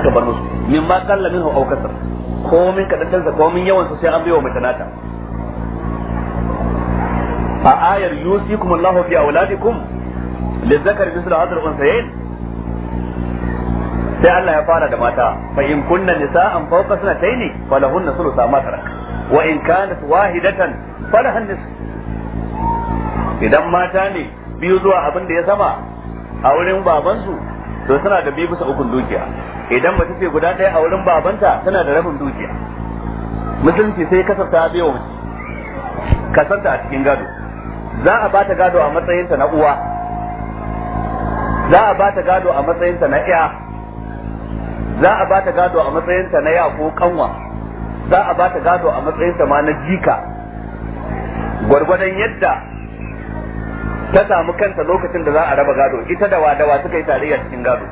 suka bar musu min ma qalla minhu aw kasar komin kadantan sa komin yawan sa sai an bai wa mai talata a ayar yusikum Allahu fi auladikum lizakari mislu hadhal unsayayn sai Allah ya fara da mata fa in kunna nisa'an fawqa sanataini falahunna thulutha ma tarak wa in kanat wahidatan falahan nisfu idan mata ne biyu zuwa abin da ya sama a wurin babansu to suna da bi bisa ukun dukiya idan mace ce guda ɗaya a wurin babanta tana da rabin dukiya musulunci sai kasarta bai wa mace kasanta a cikin gado za a bata gado a matsayinta na uwa za a bata gado a matsayinta na iya za a bata gado a matsayinta na ya ko kanwa za a bata gado a matsayinta ma na jika gwargwadon yadda ta samu kanta lokacin da za a raba gado ita da wadawa suka yi tarayya cikin gado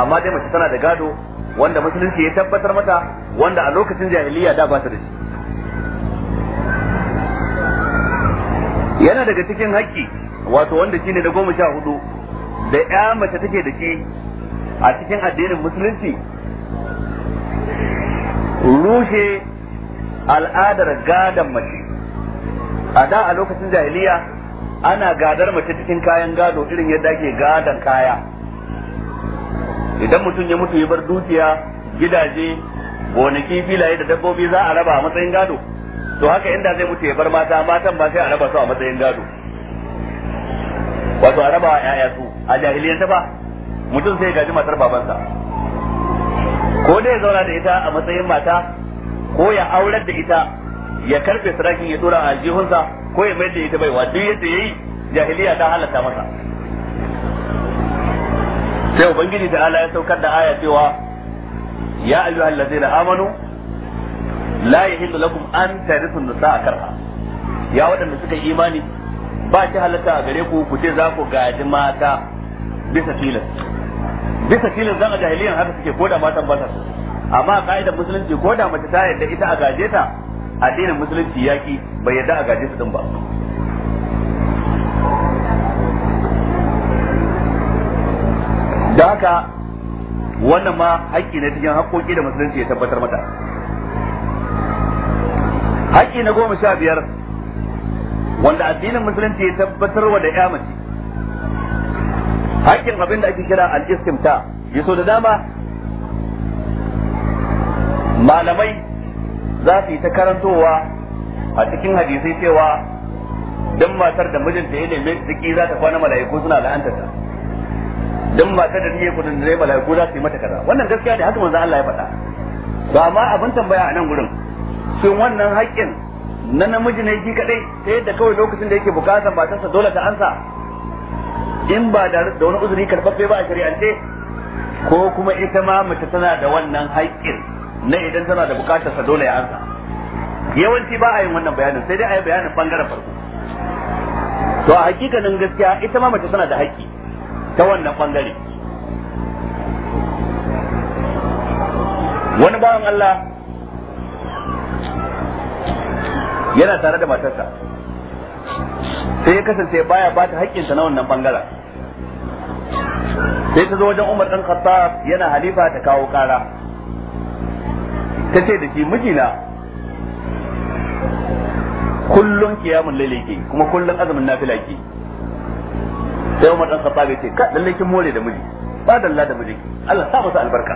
amma dai mace tana da gado wanda musulunci ya tabbatar mata wanda a lokacin jahiliya da ba ta da shi yana daga cikin haƙƙi wato wanda shine da goma sha hudu da ya mace take da shi a cikin addinin musulunci rushe al'adar gadon mace a da a lokacin jahiliya ana gadar mace cikin kayan gado irin yadda ake gadon kaya idan mutum ya mutu ya bar dukiya gidaje gonaki filaye da dabbobi za a raba a matsayin gado to haka inda zai mutu ya bar mata matan ba sai a raba su a matsayin gado wato a raba yaya su a jahiliyar ta ba mutum sai gaji matar babansa ko dai zauna da ita a matsayin mata ko ya aurar da ita ya karfe sarakin ya tura a aljihunsa ko ya mai da ita baiwa duk yadda ya yi jahiliya ta halatta masa sai ubangiji da ala ya saukar da aya cewa ya ayyuha ladzina amanu la yahillu lakum an tarithu nisaa karha ya waɗanda suka imani ba shi halatta a gare ku ku ce za ku gaji mata bisa filin bisa filin zan a jahiliyan haka suke koda matan ba amma ka'idar musulunci koda mace ta yadda ita a gaje ta addinin musulunci yaki bai yadda a gaje su din ba da haka wannan ma haƙƙi na cikin haƙƙoƙi da musulunci ya tabbatar mata haƙƙi na goma sha biyar wanda addinin musulunci ya tabbatar wa da ya mace haƙƙin abin da ake kira al-istimta so da dama malamai za su yi ta karantowa a cikin hadisai cewa dan matar da mijinta ya neme tsiki za ta kwana mala'iku suna la'antarta dan ta da nake kudin da mala'iku za su yi mata kaza wannan gaskiya ne haka manzo Allah ya faɗa to amma abin tambaya a nan gurin shin wannan haƙƙin na namiji ne shi kadai ta yadda kawai lokacin da yake ta sa dole ta ansa in ba da wani uzuri karɓaɓɓe ba a shari'ance ko kuma ita ma mace tana da wannan haƙƙin na idan tana da sa dole ya ansa yawanci ba a yin wannan bayanin sai dai a yi bayanin bangaren farko to a hakikanin gaskiya ita ma mace tana da haƙƙi ta wannan bangare wani bawan Allah yana tare da matarsa sai ya kasance baya ba ta haƙƙinsa na wannan bangaren sai ta zo wajen Umar ɗan Khattab yana halifa ta kawo ƙara ta ce da shi mijina kullum kiyamun lalle ke kuma kullum azumin nafila ke sai Umar dan Khattab ya ce ka lalle kin more da miji ba dalla da miji Allah sa masa albarka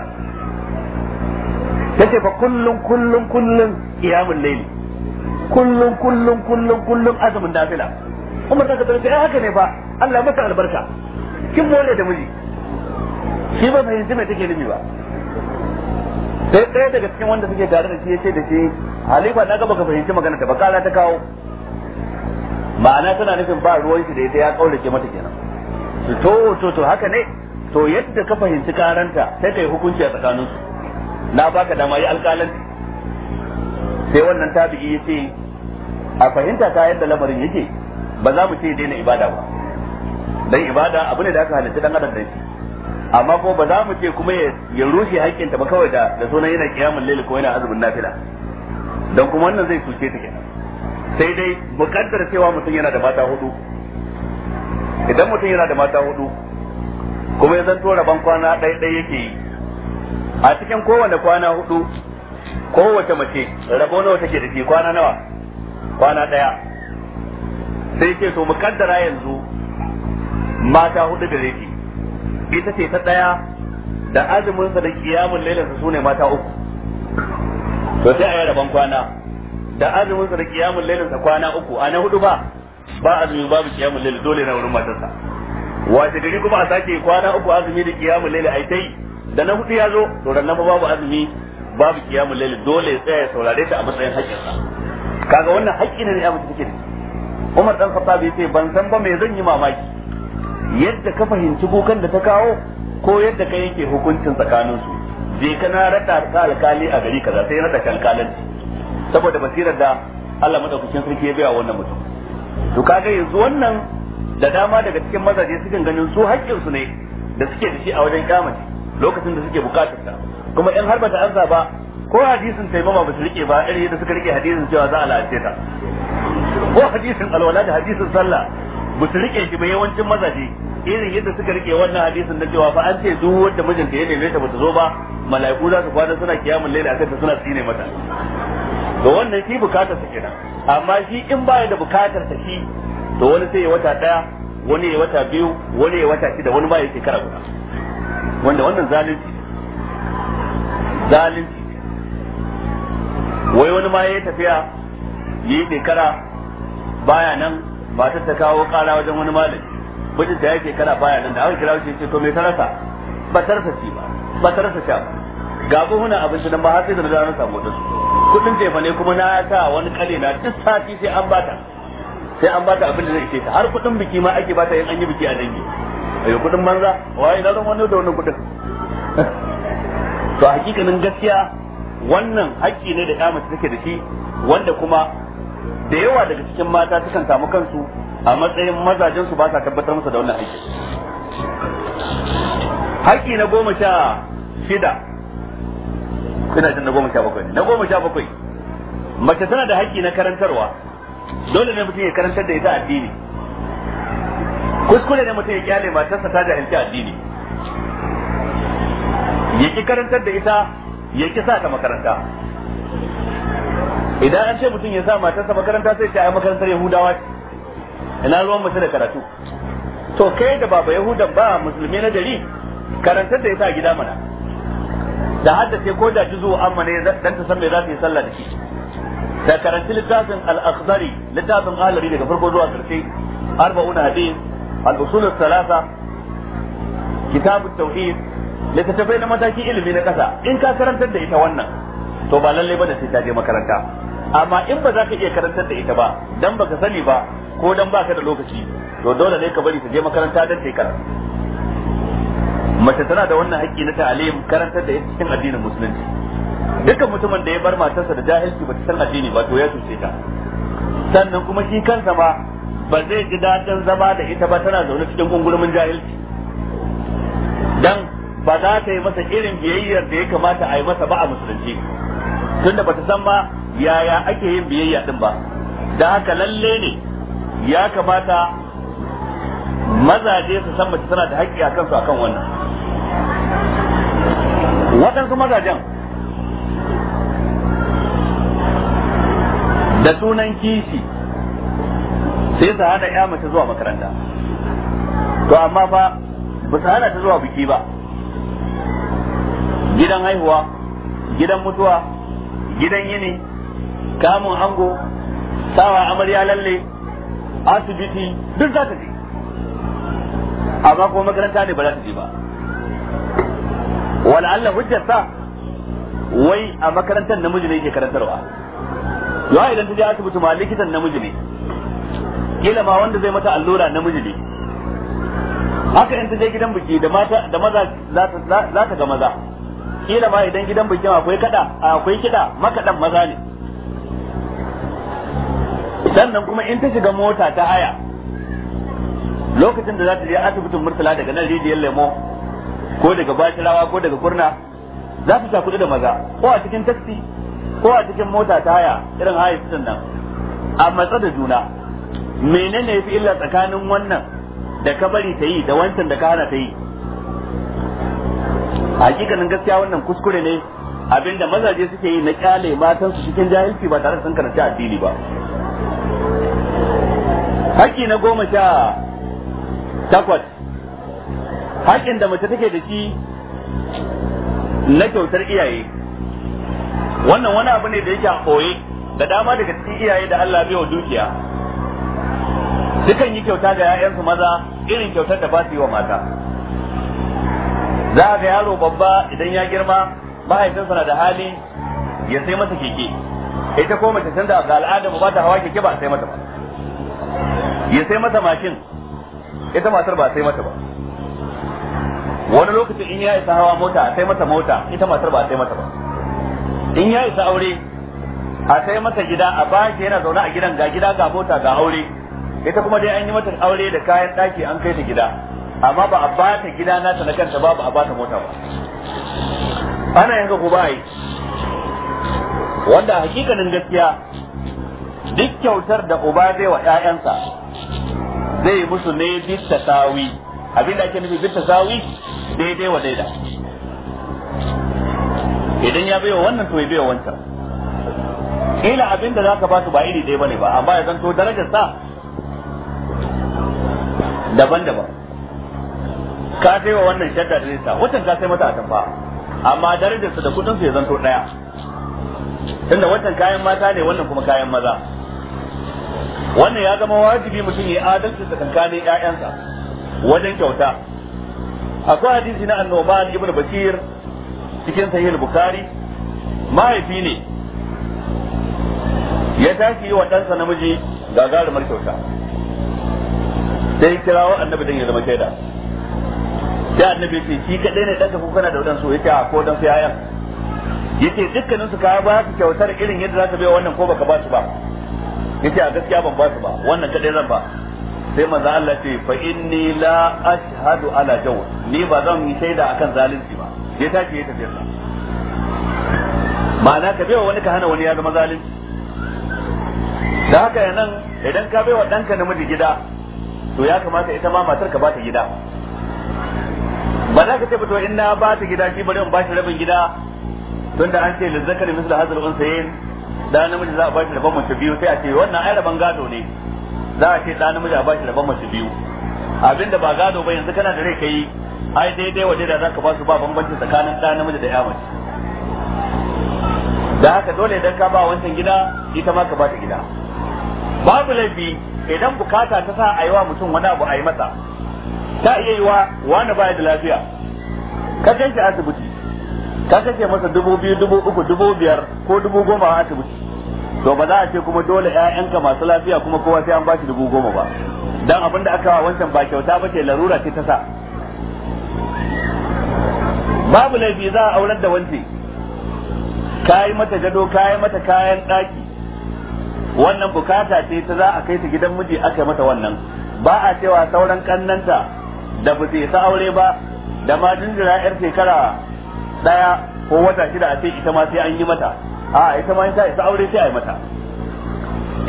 yace fa kullun kullun kullun qiyamul layl kullun kullun kullun kullun azumin nafila Umar dan Khattab ya haka ne fa Allah masa albarka kin more da miji shi ba yanzu mai take nufi ba sai ɗaya daga cikin wanda suke tare da shi ya ce da shi halifa na gaba ka fahimci magana ta bakala ta kawo ma'ana tana nufin ba ruwan shi da ita ya kaurace mata kenan to to to haka ne to yadda ka fahimci karanta sai kai hukunci a tsakaninsu na baka dama yi alƙalanci sai wannan tabi'i ya ce a fahimta ka yadda lamarin yake ba za mu ce daina ibada ba dan ibada abu ne da aka halitta dan adam da shi amma ko ba za mu ce kuma ya rushe haƙƙinta ba kawai da da sunan yana kiyamul lail ko yana azumin nafila dan kuma wannan zai cuce ta kenan sai dai muƙaddar cewa mutum yana da mata hudu idan mutum yana da mata hudu kuma ya zanto rabon kwana ɗaya ɗaya yake yi a cikin kowane kwana hudu kowace mace rabo nawa take da shi kwana nawa kwana ɗaya sai ce to mukaddara yanzu mata hudu da rafi ita ce ta ɗaya da sa da kiyamun lailan su ne mata uku to sai a yi rabon kwana da sa da kiyamun sa kwana uku a na hudu ba ba azumi babu kiyamul lail dole na wurin matarsa wace gari kuma a sake kwana uku azumi da kiyamul lail ai tai da na hudu ya zo to ran nan babu azumi babu kiyamul lail dole ya tsaya saurare ta a matsayin haƙƙinsa kaga wannan hakki ne ya mutu kike Umar dan Khattab yace ban san ba me zan yi mamaki yadda ka fahimci kukan da ta kawo ko yadda ka yanke hukuncin tsakaninsu je ka na rada ta alkali a gari kaza sai na da kalkalanci saboda basirar da Allah madaukakin sarki ya biya wannan mutum to kaga yanzu wannan da dama daga cikin mazaje sukan ganin su haƙƙin su ne da suke da shi a wajen kyamace lokacin da suke bukatar ta kuma in har bata ansa ba ko hadisin taimama ba su rike ba irin yadda suka rike hadisin cewa za a la'ace ta ko hadisin alwala da hadisin sallah ba su rike shi ba yawancin mazaje irin yadda suka rike wannan hadisin na cewa fa an ce duk wanda mijinta ya neme ta bata zo ba mala'iku za su kwana suna kiyamun laila akan ta suna tsine mata to wannan shi bukatarsa kenan amma shi in baya da bukatarsa shi to wani sai ya wata daya wani ya wata biyu wani ya wata shida wani baya shekara guda wanda wannan zalunci zalunci wai wani ma ya tafiya yi shekara baya nan ba ta kawo kara wajen wani malam, mijin ta ya shekara baya nan da aka kira shi ce to me ta rasa ba ta rasa ci ba ba ta rasa sha ba ga abin abinci nan ba har sai da na samu wadansu kudin jefa ne kuma na sa wani kare na duk sati sai an bata sai an bata abin da zai ce ta har kudin biki ma ake bata yin an yi biki a dangi ayo kudin manza waye na zan wani da wannan kudin to hakikanin gaskiya wannan haƙƙi ne da ya mace take da shi wanda kuma da yawa daga cikin mata sukan samu kansu a matsayin mazajen su ba sa tabbatar musu da wannan haƙƙi haƙƙi na goma sha shida ina jin na goma sha bakwai na goma sha bakwai mace tana da haƙƙi na karantarwa dole ne mutum ya karantar da ita addini kuskure ne mutum ya kyale matarsa ta jahilci addini ya ki karantar da ita ya ki sa ta makaranta idan an ce mutum ya sa matarsa makaranta sai ce ai makarantar yahudawa ce ina ruwan mace da karatu to kai da baba yahudan ba musulmi na dari karantar da ita a gida mana da sai ko da zuwa amma ne dan ta san me za ta yi sallah da shi da karanci littafin al-akhdari littafin ghalibi daga farko zuwa karshe 40 hadith al-usul al-thalatha kitab at-tauhid littattafai na mataki ilimi na kasa in ka karantar da ita wannan to ba lalle bane sai ta je makaranta amma in ba za ka iya karantar da ita ba dan baka sani ba ko dan baka da lokaci to dole ne ka bari ta je makaranta dan ta karatu mace tana da wannan haƙƙi na ta'alim karantar da ita cikin addinin musulunci dukkan mutumin da ya bar matarsa da jahilci ba ta san addini ba to ya tuce ta sannan kuma shi kansa ma ba zai ji daɗin zama da ita ba tana zaune cikin gungurumin jahilci dan ba za ta yi masa irin biyayyar da ya kamata a yi masa ba a musulunci tunda ba ta san ba yaya ake yin biyayya din ba da haka lalle ne ya kamata mazaje su san mace tana da haƙƙi a kansu akan wannan waɗansu mazajen da sunan kishi sai su hana ya mace zuwa makaranta to amma fa ba su hana ta zuwa biki ba gidan haihuwa gidan mutuwa gidan yini kamun ango sawa amarya lalle asibiti duk za ta je amma kuma makaranta ne ba za ta je ba wala Allah hujjarsa wai a makarantar namiji ne yake karantarwa yawa idan ta je asibiti ma likitan namiji ne kila ma wanda zai mata allura namiji ne haka in ta je gidan biki da mata da maza za ta ga maza kila ma idan gidan biki akwai kada akwai kida makadan maza ne sannan kuma in ta shiga mota ta haya lokacin da za ta je asibitin murtala daga nan rijiyar lemo ko daga bashirawa ko daga kurna za su shakudu da maza ko a cikin taxi ko a cikin mota ta haya irin haya sitin nan a matsa da juna menene yafi illa tsakanin wannan da ka bari ta yi da wancan da ka hana ta yi hakikanin gaskiya wannan kuskure ne abinda mazaje suke yi na kyale matan su cikin jahilci ba tare da sun karanci addini ba haƙƙi na goma sha takwas haƙƙin da mace take da shi na kyautar iyaye wannan wani abu ne da yake a koye da dama daga cikin iyaye da Allah bai wa dukiya dukan yi kyauta ga 'ya'yansu maza irin kyautar da ba su yi wa mata za a ga yaro babba idan ya girma mahaifinsa na da hali ya sai masa keke ita ko mace canza ga al'ada ba ta hawa keke ba sai mata ba ya sai mata mashin ita matar ba sai mata ba wani lokacin in ya isa hawa mota a sai masa mota ita matar ba a sai mata ba in ya isa aure a sai masa gida a bashi yana zaune a gidan ga gida ga mota ga aure ita kuma dai an yi mata aure da kayan ɗaki an kai ta gida amma ba a ba ta gida ta na kanta ba ba a ba ta mota ba ana yanka ko ba yi wanda a hakikanin gaskiya duk kyautar da uba zai wa 'ya'yansa zai musu ne bisa tawi abinda ake nufi bi zawi daidai wa daida idan ya baiwa wannan to ya baiwa wancan kila abinda zaka ba su ba iri ɗaya bane ba amma ya zanto darajar sa daban-daban ka sai wa wannan shadda da nisa wancan ka sai mata a tamfa amma darajar sa da kudin su ya zanto ɗaya tunda wancan kayan mata ne wannan kuma kayan maza wannan ya zama wajibi mutum ya adalci tsakankanin ƴaƴansa. wajen kyauta akwai hadisi na annoman ibn bashir cikin sahih bukhari mahaifi ne ya tashi yi wa ɗansa namiji gagarumar kyauta sai wa annabi dan ya zama shaida sai annabi ce shi kaɗai ne ɗanka ko kana da wadansu ce a ko don sai ayan yace dukkanin dukkaninsu ka ba su kyautar irin yadda za zaka biya wannan ko baka ba su ba Ya ce a gaskiya ban ba su ba wannan kaɗai zan ba sai manzo Allah ce fa inni la ashhadu ala jawl ni ba zan yi shaida akan zalunci ba ya tashi ya tafi sa ma'ana ka baiwa wani ka hana wani ya zama zalunci da haka yanan idan ka baiwa danka namiji gida to ya kamata ita ma matar ka ba ta gida ba za ka ce to in na ba ta gida shi bari in ba shi rabin gida tunda an ce lizzakari misal hazal unsayin da namiji za a ba shi rabin mace biyu sai a ce wannan ai rabin gado ne za a ce da namiji a bashi rabon mace biyu abinda ba gado ba yanzu kana da rai kai ai daidai waje da ka ba su ba bambanci tsakanin da namiji da ya mace da haka dole idan ka ba wancan gida ita ma ka ba ta gida babu laifi idan bukata ta sa a yi wa mutum wani abu a yi masa ta iya yi wa wani baya da lafiya ka kai shi asibiti ka kashe masa dubu biyu dubu uku dubu biyar ko dubu goma a asibiti to ba za a ce kuma dole ƴaƴanka masu lafiya kuma kowa sai an ba shi dubu goma ba dan abin da aka a wancan ba kyauta ba ce larura ce ta sa babu laifi za a aurar da wance kayi mata gado kayi mata kayan ɗaki wannan bukata ce ta za a kai ta gidan miji aka yi mata wannan ba a cewa sauran kannanta da ba su isa aure ba da ma jinjira yar shekara ɗaya ko wata shida a ce ita ma sai an yi mata a ita ma in ta isa aure sai a yi mata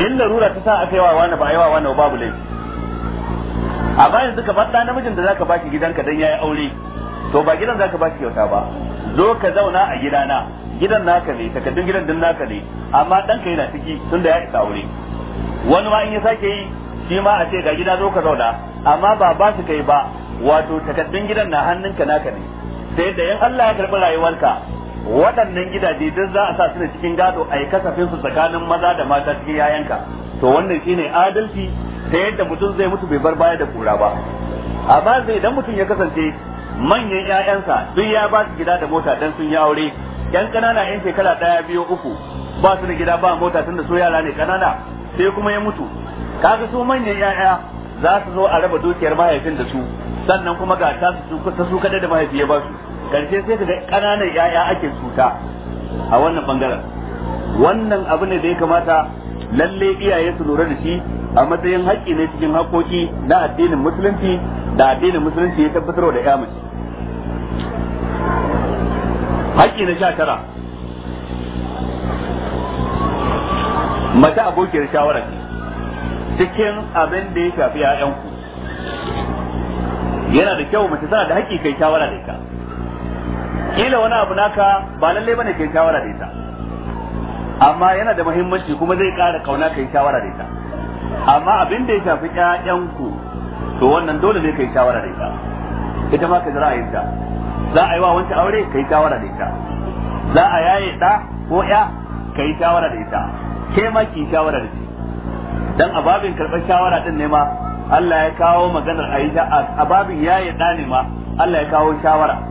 in larura ta sa aka yi wa wani ba yi wa wani babu laifi amma yanzu ka faɗa namijin da zaka baki gidanka dan yayi aure to ba gidan zaka baki kyauta ba zo ka zauna a gidana gidan naka ne takaddun gidan din naka ne amma ɗanka yana ciki tun da ya isa aure wani ma in ya sake yi shi ma a ce ga gida zo ka zauna amma ba ba shi kai ba wato takaddun gidan na hannunka naka ne sai da yan Allah ya karɓi rayuwarka waɗannan gidaje duk za a sa su cikin gado a yi kasafin su tsakanin maza da mata cikin yayanka to wannan shine adalci ta yadda mutum zai mutu bai bar baya da kura ba amma zai idan mutum ya kasance manyan 'ya'yansa duk ya ba su gida da mota dan sun yi aure yan kanana yan shekara ɗaya biyu uku ba su da gida ba mota tunda su yara ne kanana sai kuma ya mutu kaga su manyan 'ya'ya za su zo a raba dukiyar mahaifin da su sannan kuma ga ta su ta su kada da mahaifi ya ba su karshe sai ka ga ƙananan yaya ake cuta a wannan bangaren wannan abu ne da ya kamata lalle iyaye su lura da shi a matsayin haƙƙi ne cikin haƙƙoƙi na addinin musulunci da addinin musulunci ya tabbatar da ya mace haƙƙi na sha tara mace abokiyar shawara cikin abin da ya shafi 'ya'yanku yana da kyau mace tana da haƙƙi kai shawara da ita kila wani abu naka ba lallai bane kai shawara da ita amma yana da muhimmanci kuma zai ƙara kauna kai shawara da ita amma abin da ya shafi ƴaƴan ku to wannan dole ne kai shawara da ita ita ma ka jira ra'ayinta za a yi wa wancan aure kai shawara da ita za a yaye ɗa ko ƴa kai shawara da ita ke ma ki shawara da shi dan ababin karɓar shawara din ne ma Allah ya kawo maganar Aisha a babin yaye ɗa ne ma Allah ya kawo shawara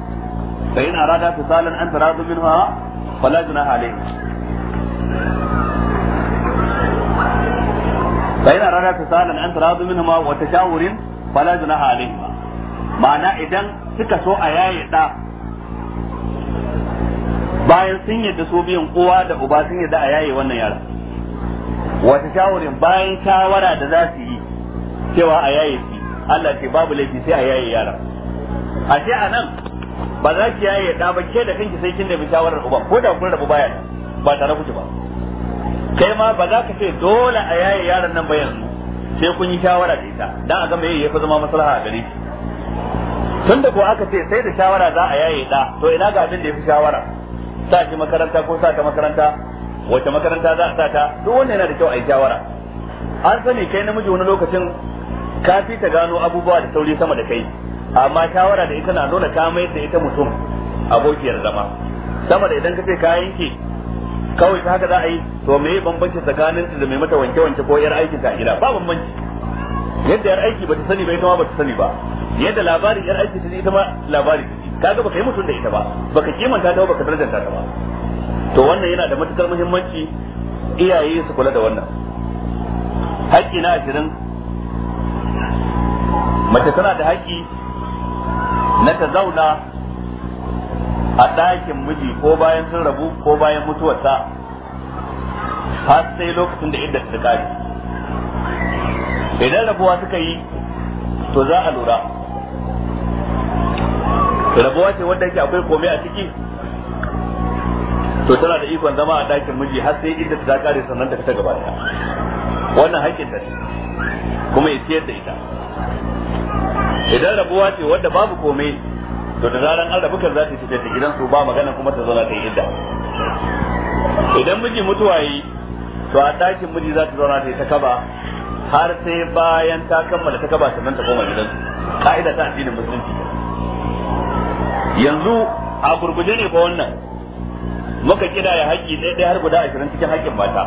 fa in arada fisalan an taradu minha fala junaha alayhi fa in ma'ana idan suka so a yaye da bayan sun yadda so biyan kowa da uba sun yadda a yaye wannan yara wata shawarin bayan shawara da za su yi cewa a yaye shi Allah ce babu laifi sai a yaye yara a ce a nan ba za ki yaye da ba ke da kanki sai kin nemi shawarar uban ko da kun rabu baya ba tare kuke ba kai ma ba za ka ce dole a yaye yaron nan ba yanzu sai kun yi shawara da ita dan a ga meye yafi zama maslaha a gare ki tun ko aka ce sai da shawara za a yaye da to ina ga abin da yafi shawara sa shi makaranta ko sa ta makaranta wace makaranta za a sa ta duk wanda yana da kyau a yi shawara an sani kai namiji wani lokacin ka fi ta gano abubuwa da sauri sama da kai amma shawara da ita na nuna ka mai da ita mutum abokiyar zama sama da idan ka ce ka yanke kawai ta haka za a yi to me ya bambanci tsakanin da mai mata wanke wanke ko yar aikin ta gida ba bambanci yadda yar aiki bata sani ba ita ma bata sani ba yadda labarin yar aiki ta ita ma Ka ga baka yi mutum da ita ba baka kimanta ta ba baka darajanta ta ba to wannan yana da matukar muhimmanci iyaye su kula da wannan haƙƙi na ashirin mace tana da haƙƙi na ta zauna a ɗakin miji ko bayan sun rabu ko bayan mutuwarsa har sai lokacin da idda ta kare idan rabuwa suka yi to za a lura rabuwa ce wadda yake akwai komai a ciki to tana da ikon zama a ɗakin miji har sai idda ta kare sannan ta fita gaba wannan haƙƙin ta kuma ya ciyar da ita idan rabuwa ce wadda babu komai to da zaran an rabu kan za ta fice ta gidan su ba magana kuma ta zauna ta yi idda idan miji mutuwa yi to a ɗakin miji za ta zauna ta yi ta kaba har sai bayan ta kammala ta kaba sannan ta koma gidansu ka'ida ta addinin musulunci yanzu a gurguje ne ko wannan muka kira ya haƙƙi ɗaya ɗaya har guda ashirin cikin haƙƙin mata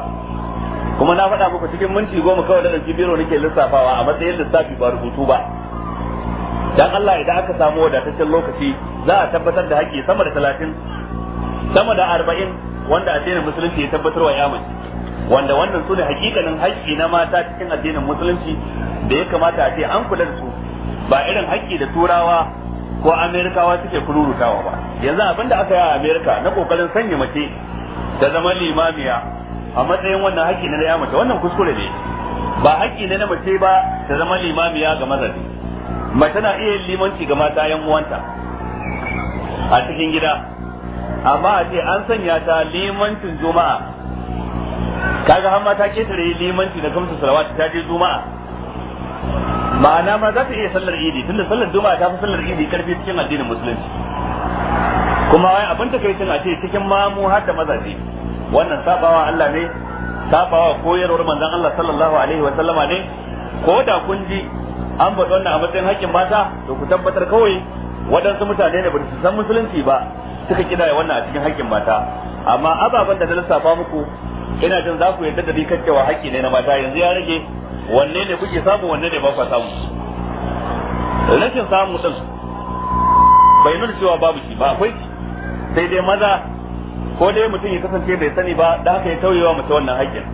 kuma na faɗa muku cikin minti goma kawai da ɗauki biro nake lissafawa a matsayin lissafi ba rubutu ba dan Allah idan aka samu wadataccen lokaci za a tabbatar da haƙƙi sama da talatin sama da arba'in wanda addinin musulunci ya tabbatar wa yaman wanda wannan su ne hakikanin haƙƙi na mata cikin addinin musulunci da ya kamata a ce an kula da su ba irin haƙƙi da turawa ko amerikawa suke kururutawa ba yanzu abin da aka yi a amerika na kokarin sanya mace ta zama limamiya a matsayin wannan haƙƙi na ya mace wannan kuskure ne ba haƙƙi ne na mace ba ta zama limamiya ga mazaje mace na iya yin limanci ga mata yan uwanta a cikin gida amma a ce an sanya ta limancin juma'a kaga har mata ketare limanci da kamsu salawat ta je juma'a ma'ana ma za ta iya sallar idi tunda sallar juma'a ta fi sallar idi karfi cikin addinin musulunci kuma wai abin ta kai a ce cikin mamu har da mazaje wannan sabawa Allah ne sabawa koyarwar manzon Allah sallallahu alaihi wa sallama ne ko da kun ji an faɗi wannan a matsayin haƙƙin mata to ku tabbatar kawai waɗansu mutane ne ba su san musulunci ba suka kidaya wannan a cikin haƙƙin mata amma ababen da na lissafa muku ina jin za ku yarda da ni kan cewa haƙƙi ne na mata yanzu ya rage wanne ne kuke samu wanne ne ba ku samu rashin samu din bai nuna cewa babu shi ba akwai sai dai maza ko dai mutum ya kasance bai sani ba da haka ya tauyewa mace wannan haƙƙin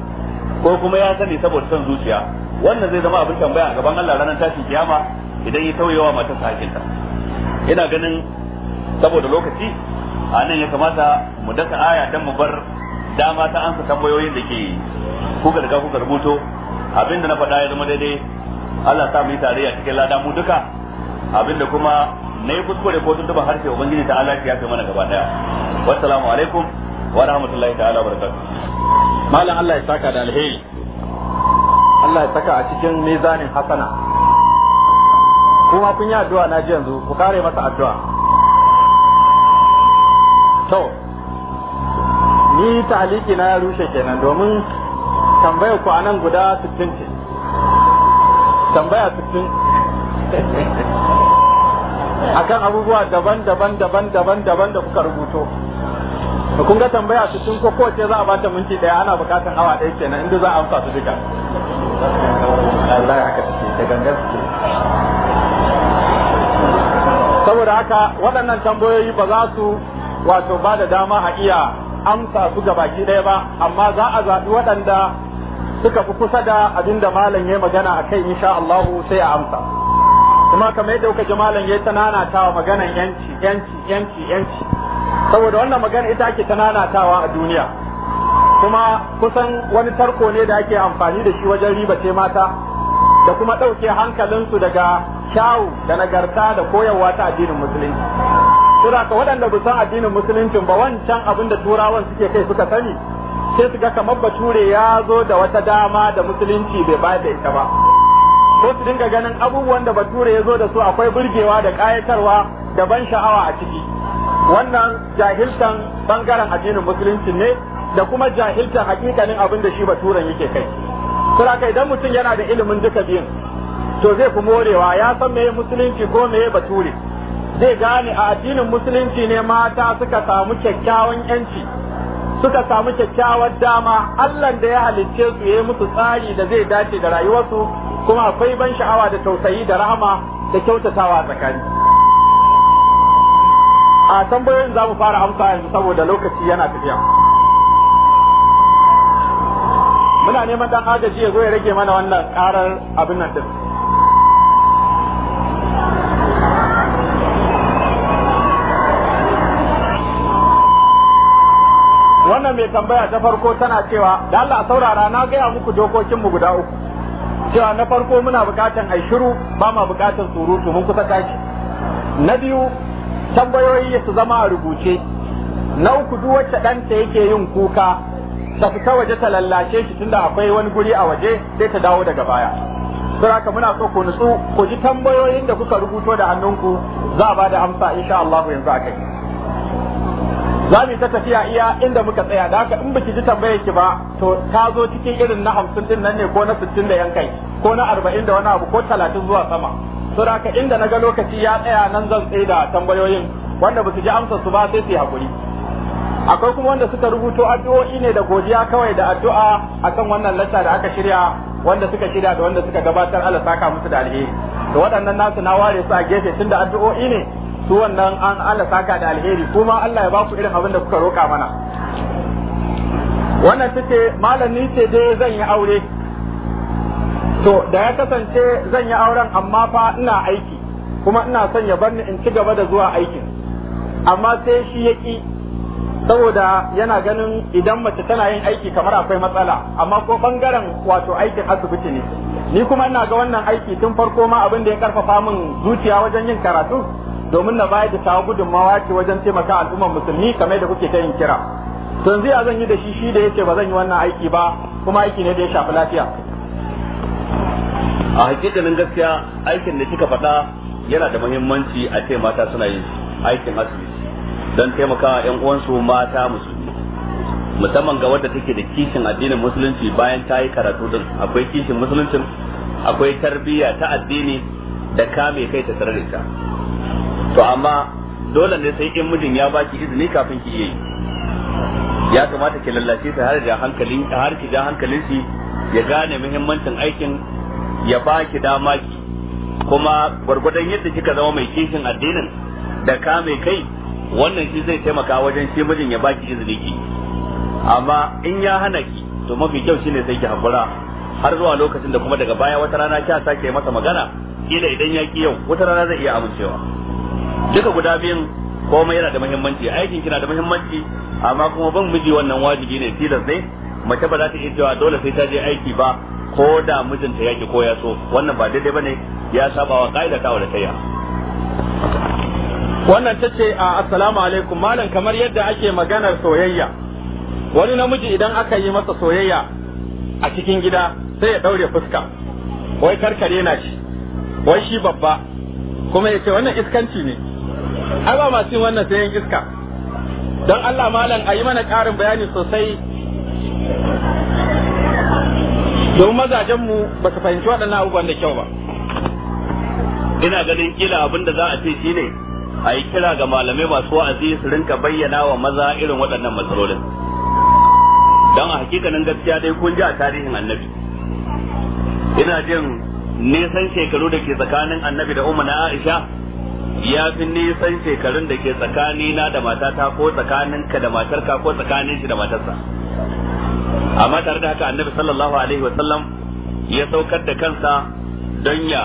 ko kuma ya sani saboda son zuciya wannan zai zama abin tambaya a gaban Allah ranar tashin kiyama idan ya tauyewa matar hakinta ina ganin saboda lokaci a nan ya kamata mu dasa aya dan mu bar dama ta ansa tambayoyin da ke kuka riga kuka rubuto abinda na faɗa ya zama daidai Allah sa mu yi a cikin lada mu duka abinda kuma na yi kuskure ko tuntuban harshe ubangiji ta Allah ya kai mana gaba daya wassalamu alaikum wa rahmatullahi ta'ala wa barakatuh malam Allah ya saka da alheri Allah ya saka a cikin mizanin hasana kuma kun yi addu'a na ji yanzu ku kare masa addu'a to ni taliki na ya rushe kenan domin tambayar ku a nan guda 60 ce tambaya 60 akan abubuwa daban-daban daban-daban daban da kuka rubuto kun ga tambaya su sun ko kowace za a bata minti daya ana bukatan awa daya kenan inda za a amsa su duka Allah haka saboda haka waɗannan tambayoyi ba za su wato ba da dama a iya amsa su ga baki ɗaya ba amma za a zaɓi waɗanda suka fi kusa da abin da malam ya magana a kai insha Allahu sai a amsa kuma kamar yadda kuka ji malam ya ta nanatawa maganan yanci yanci yanci yanci saboda wannan magana ita ake ta nanatawa a duniya kuma kusan wani tarko ne da ake amfani da shi wajen ribace mata da kuma ɗauke hankalinsu daga kyawu da nagarta da koyarwa ta addinin musulunci ka waɗanda ba san addinin musulunci ba wancan abin da turawan suke kai suka sani sai su ga kamar bature ya zo da wata dama da musulunci bai bayar da ita ba ko su dinga ganin abubuwan da bature ya zo da su akwai burgewa da ƙayatarwa da ban sha'awa a ciki wannan jahiltan bangaren addinin musulunci ne da kuma jahilta hakikanin abin da shi baturen yake kai saboda idan mutum yana da ilimin duka biyun to zai fi morewa ya san meye musulunci ko meye bature zai gane a addinin musulunci ne mata suka samu kyakkyawan yanci suka samu kyakkyawar dama Allah da ya halicce su yayi musu tsari da zai dace da rayuwarsu kuma akwai ban sha'awa da tausayi da rahama da kyautatawa tsakani a tambayoyin za mu fara amsa yanzu saboda lokaci yana tafiya muna neman dan agaji ya zo ya rage mana wannan karar abin nan din wannan mai tambaya ta farko tana cewa da Allah saurara na gaya muku dokokin mu guda uku cewa na farko muna bukatan ai shiru ba ma bukatan surutu mun kusa tashi na biyu tambayoyi su zama a rubuce na uku duk wacce ɗanta yake yin kuka ta fita waje ta lallace shi tunda akwai wani guri a waje sai ta dawo daga baya don haka muna so ku nutsu ku ji tambayoyin da kuka rubuto da hannunku za a bada amsa insha Allah yanzu akai za mu ta tafiya iya inda muka tsaya da haka in biki ji tambayar ki ba to ta zo cikin irin na hamsin din nan ne ko na sittin da yan ko na arba'in da wani abu ko talatin zuwa sama to inda na ga lokaci ya tsaya nan zan tsaye da tambayoyin wanda ba su ji amsa su ba sai su yi hakuri akwai kuma wanda suka rubuto addu'o'i ne da godiya kawai da addu'a akan wannan lacca da aka shirya wanda suka shirya da wanda suka gabatar Allah saka musu da alheri to waɗannan nasu na ware su a gefe tun da addu'o'i ne su wannan an Allah saka da alheri kuma Allah ya ba ku irin abin da kuka roka mana wannan take ni ce dai zan yi aure to da ya kasance zan yi auren amma fa ina aiki kuma ina son ya bar ni in ci gaba da zuwa aikin amma sai shi ya ki saboda yana ganin idan mace tana yin aiki kamar akwai matsala amma ko bangaren wato aikin asibiti ne ni kuma ina ga wannan aiki tun farko ma abin da ya karfafa min zuciya wajen yin karatu domin na bayar da tawa gudunmawa ce wajen taimaka al'ummar musulmi kamar da kuke ta yin kira to yanzu ya zan yi da shi shi da yace ba zan yi wannan aiki ba kuma aiki ne da ya shafi lafiya a hakikanin gaskiya aikin da kika faɗa yana da muhimmanci a ce mata suna yin aikin asibiti don taimakawa yan uwansu mata musulmi musamman ga wadda take da kishin addinin musulunci bayan ta yi karatu din akwai kishin musuluncin akwai tarbiyya ta addini da kame kai ta tare to amma dole ne sai in mijin ya baki izini kafin ki yi ya kamata ki lallace ta har da hankalin har ki hankalin shi ya gane muhimmancin aikin ya baki dama kuma gwargwadon yadda kika zama mai kishin addinin da kame kai wannan shi zai taimaka wajen shi mijin ya baki izini ki amma in ya hana ki to mafi kyau shine sai ki hakura har zuwa lokacin da kuma daga baya wata rana kya sake masa magana kila idan ya ki yau wata rana zai iya amincewa duka guda biyun komai yana da muhimmanci aikin ki na da muhimmanci amma kuma ban miji wannan wajibi ne tilas ne mace ba za ta iya cewa dole sai ta je aiki ba ko da mijinta ya ki ko so wannan ba daidai bane ya saba wa ka'ida ta wa da wannan ta ce a assalamu alaikum malam kamar yadda ake maganar soyayya wani namiji idan aka yi masa soyayya a cikin gida sai ya ɗaure fuska wai karkare na shi wai shi babba kuma ya ce wannan iskanci ne ai ba masu yin wannan sayan iska don allah malam a yi mana karin bayani sosai don mazajenmu ba su fahimci waɗannan abubuwan da kyau ba ina ganin kila abin da za a ce shi ne a yi kira ga malamai masu wa'azi su rinka bayyana wa maza irin waɗannan matsalolin don a hakikanin gaskiya dai kun ji a tarihin annabi ina jin nisan shekaru da ke tsakanin annabi da umma na aisha ya fi nisan shekarun da ke tsakanina da matata ko tsakaninka da matarka ko tsakanin shi da matarsa amma tare da haka annabi sallallahu alaihi wa sallam ya saukar da kansa don ya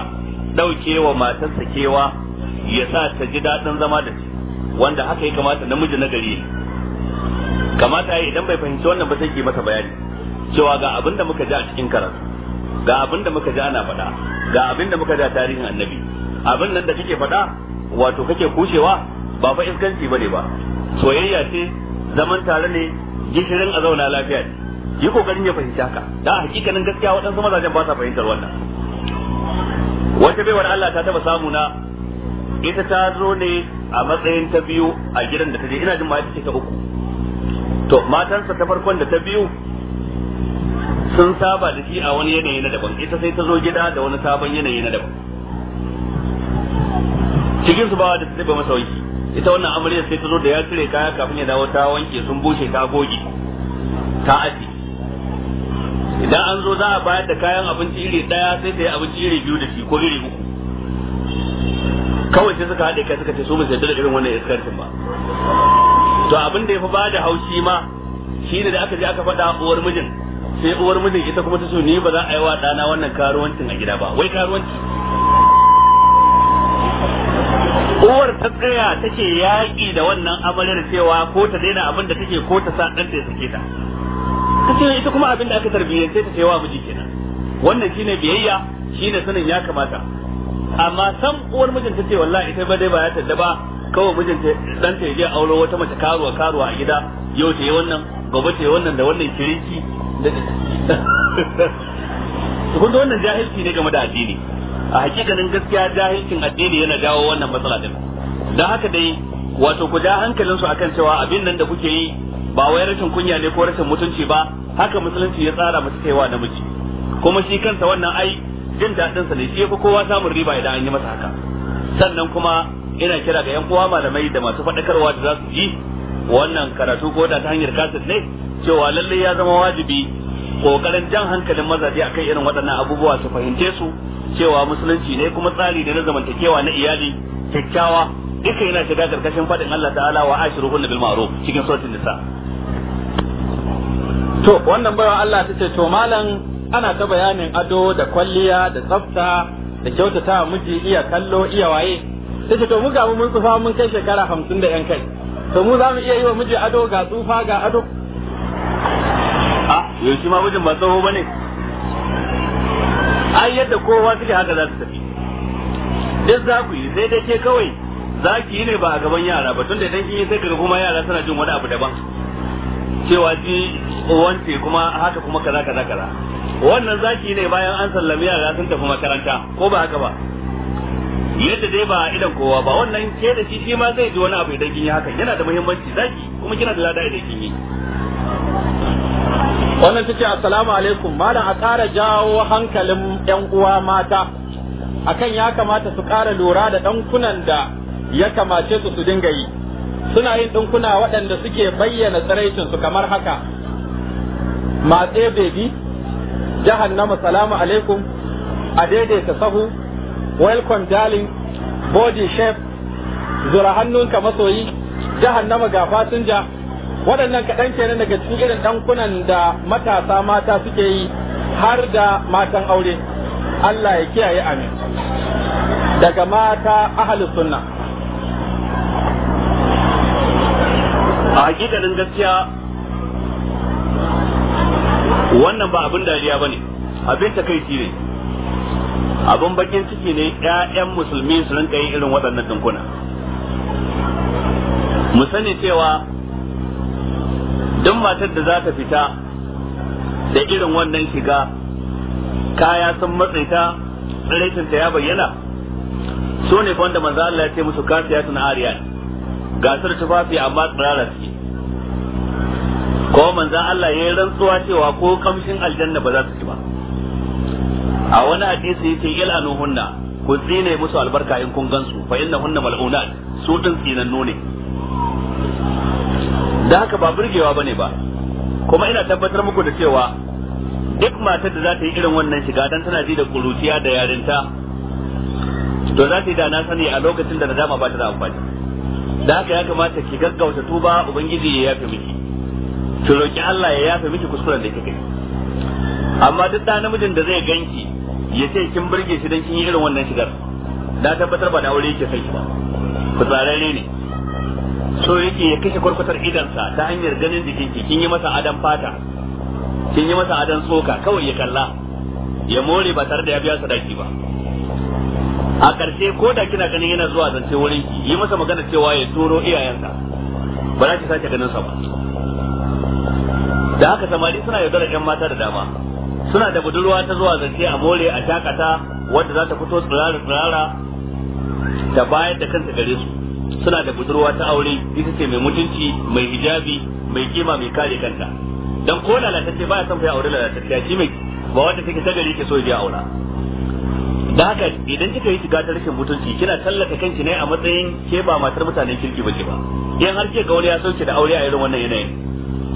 dauke wa matarsa kewa ya sa ta ji daɗin zama da shi wanda haka ya kamata namiji na gari kamata ya idan bai fahimci wannan ba sai ke masa bayani cewa ga abin da muka ji a cikin karatu ga abin da muka ji ana faɗa ga abin da muka ji a tarihin annabi abin nan da kake faɗa wato kake kushewa ba fa iskanci bane ba soyayya ce zaman tare ne gishirin a zauna lafiya ne yi kokarin ya fahimci haka da hakikanin gaskiya waɗansu mazajen ba sa fahimtar wannan wata baiwar Allah ta taba samu na ita ta zo ne a matsayin ta biyu a gidan da ta je ina jin ma ita ta uku to matansa ta farkon da ta biyu sun saba da shi a wani yanayi na daban ita sai ta zo gida da wani sabon yanayi na daban cikin su ba da ta taba masa wanki ita wannan amaryar sai ta zo da ya cire kaya kafin ya dawo ta wanke sun bushe ta goge ta aji idan an zo za a bayar da kayan abinci iri daya sai ta yi abinci iri biyu da shi ko iri uku sai suka haɗe kai suka ce su ba su da irin wannan iskarcin ba to abin da ya fi ba da haushi ma shine da aka je aka faɗa uwar mijin sai uwar mijin ita kuma ta so ni ba za a yi wa ɗana wannan karuwancin a gida ba wai karuwanci uwar ta tsaya take yaƙi da wannan amalar cewa ko ta daina abin da take ko ta sa ɗanta ya sake ta ta ce ita kuma abin da aka tarbiyyance ta ce wa miji kenan wannan shine biyayya shine sanin ya kamata amma san uwar mijinta ce wallahi ita ba dai ba ya tadda ba kawai mijinta dan ta je aure wata mace karuwa karuwa a gida yau ta yi wannan gobe ta yi wannan da wannan kiriki kun da wannan jahilci ne game da addini a hakikanin gaskiya jahilcin addini yana jawo wannan matsala din dan haka dai wato ku ja hankalin su akan cewa abin nan da kuke yi ba wai rashin kunya ne ko rashin mutunci ba haka musulunci ya tsara mu cewa namiji kuma shi kansa wannan ai jin daɗin sa ne shi fa kowa samun riba idan an yi masa haka sannan kuma ina kira ga yan uwa malamai da masu faɗakarwa da za su ji wannan karatu ko da ta hanyar kaset ne cewa lallai ya zama wajibi kokarin jan hankalin mazaje akan irin waɗannan abubuwa su fahimce su cewa musulunci ne kuma tsari da na zamantakewa na iyali kyakkyawa duka yana shiga karkashin faɗin Allah ta'ala wa Ashiru bil ma'ruf cikin suratul nisa to wannan bayan Allah ta ce to malam ana ta bayanin ado da kwalliya da tsafta da kyautata miji iya kallo iya waye ta ce to mu ga mun tsufa mun kai shekara hamsin da yan kai to mu za mu iya yi wa miji ado ga tsufa ga ado a ah, shi ma mijin ba tsoho ne. ai yadda kowa suke haka za su tafi duk za ku yi sai dai ke kawai za ki yi ne ba a gaban yara ba tunda idan kin yi sai kaga kuma yara suna jin wani abu daban cewa ji wance kuma haka kuma kaza kaza kaza wannan zaki ne bayan an sallami yara sun tafi makaranta ko ba haka ba yadda dai ba idan kowa ba wannan ke da shi shi ma zai ji wani abu idan kin yi haka yana da muhimmanci zaki kuma kina da lada idan kin yi wannan tace assalamu alaikum malam a ƙara jawo hankalin yan uwa mata akan ya kamata su ƙara lura da ɗankunan da ya kamace su su dinga yi suna yin ɗinkuna waɗanda suke bayyana su kamar haka matse bebi jahannama salamu alaikum a daidaita sahu welcome darling body shape zura hannunka masoyi jahannama ga fasinja waɗannan kaɗan kenan daga cikin irin ɗankunan da matasa mata suke yi har da matan aure Allah ya kiyaye amin daga mata ahalus sunna a gaskiya wannan ba abin dariya ne, abin takaici ne abin bakin ciki ne ƴaƴan musulmi su rinka yin irin waɗannan dinkuna mu sani cewa duk matar da za ta fita da irin wannan shiga kaya sun matsaita ta ya bayyana su ne wanda manzo Allah ya ce musu kasiya tun ariya gasar tufafi amma tsirara suke ko manzan Allah ya yi rantsuwa cewa ko kamshin aljanna ba za su ci ba a wani hadisi yake yal'anu hunna ku tsine musu albarka in kun gansu fa inna hunna mal'unat su din tsinannu ne da haka ba burgewa bane ba kuma ina tabbatar muku da cewa duk matar da za ta yi irin wannan shiga dan tana ji da kuruciya da yarinta to za ta yi da na sani a lokacin da nadama ba ta da amfani da haka ya kamata ki gaggauta tuba ubangiji ya yafe miki ki roki Allah ya yafe miki kuskuren da kika yi amma duk da namijin da zai ganki ya ce kin burge shi dan kin yi irin wannan shigar da tabbatar ba da aure yake kai ba ku ne so yake ya kashe kwarkwatar idansa ta hanyar ganin jikin ki kin yi masa adan fata kin yi masa adan tsoka kawai ya kalla ya more ba tare da ya biya sadaki ba a ƙarshe ko da kina ganin yana zuwa zance wurin ki yi masa magana cewa ya turo iyayensa ba za ki sake ganin sa ba da haka samari suna yaudarar yan mata da dama suna da budurwa ta zuwa zance a more a takata wadda za ta fito tsirara tsirara ta bayar da kanta gare su suna da budurwa ta aure ita ce mai mutunci mai hijabi mai kima mai kare kanta dan ko lalatacce baya son fiye aure lalatacce shi mai ba wanda take tagari ke so ya aura da haka idan kika yi shiga ta rashin mutunci kina tallata kanki ne a matsayin ke ba matar mutanen kirki ba ke ba in har ke ga wani ya sauke da aure a irin wannan yanayin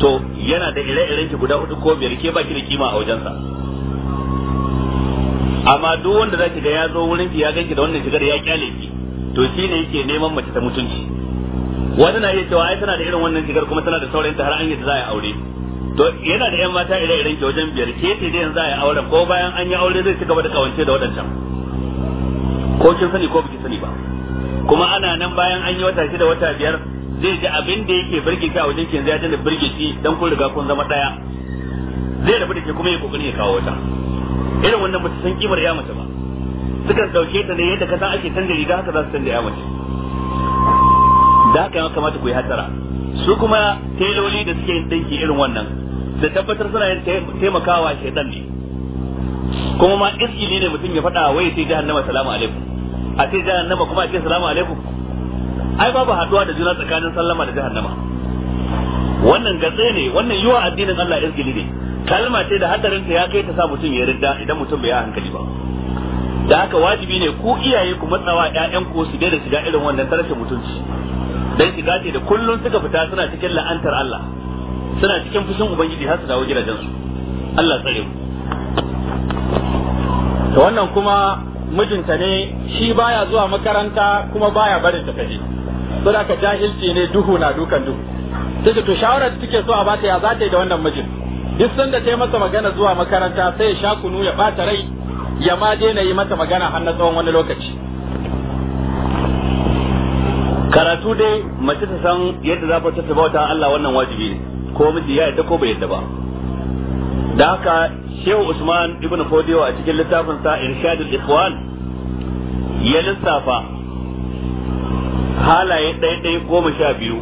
to yana da ire-iren ki guda hudu ko biyar ke baki da kima a wajensa amma duk wanda zaki ga ya zo wurin ki ya ganki da wannan shigar ya kyale ki to shine yake neman mace ta mutunci wani na iya cewa ai tana da irin wannan shigar kuma tana da saurayinta har an yi za a aure to yana da yan mata ire-iren ki wajen biyar ke ce da yanzu a yi aure ko bayan an yi aure zai ci gaba da kawance da waɗancan ko kin sani ko biki sani ba kuma ana nan bayan an yi wata shida wata biyar zai ji abin da yake burge ka wajen ki zai ya dana shi dan kun riga kun zama daya zai rabu da ke kuma ya kokari ya kawo wata irin wannan ba ta san kimar ya mace ba sukan dauke ta ne yadda ka san ake canza riga haka za su canza ya mace da haka ya kamata ku yi hatsara su kuma teloli da suke yin dinki irin wannan da tabbatar suna yin taimakawa shaidan ne kuma ma iskili ne mutum ya faɗa wai sai jahannama salamu alaikum a sai jahannama kuma a ce salamu alaikum ai babu haduwa da juna tsakanin sallama da jahannama wannan gatse ne wannan yiwa addinin Allah izgili ne kalma ce da hadarin ta ya kai ta sa mutum ya ridda idan mutum bai hankali ba da haka wajibi ne ku iyaye ku matsawa ƴaƴan ku su da shiga irin wannan tarashin mutunci dan shiga ce da kullun suka fita suna cikin la'antar Allah suna cikin fushin ubangiji har su dawo gidajen su Allah tsare mu to wannan kuma mijinta ne shi baya zuwa makaranta kuma baya barin ta kaje saboda da ka jahilci ne duhu na dukan duhu take to shawarar da take so a bata ya zata yi da wannan mijin duk sanda ta yi masa magana zuwa makaranta sai ya sha kunu ya bata rai ya ma daina yi mata magana har na tsawon wani lokaci karatu dai mace ta san yadda za ta bauta Allah wannan wajibi ne ko miji ya yadda ko bai yadda ba da haka Shehu Usman ibn Fodiyo a cikin littafin sa Irshadul Ikhwan ya lissafa halaye ɗaya ɗaya goma sha biyu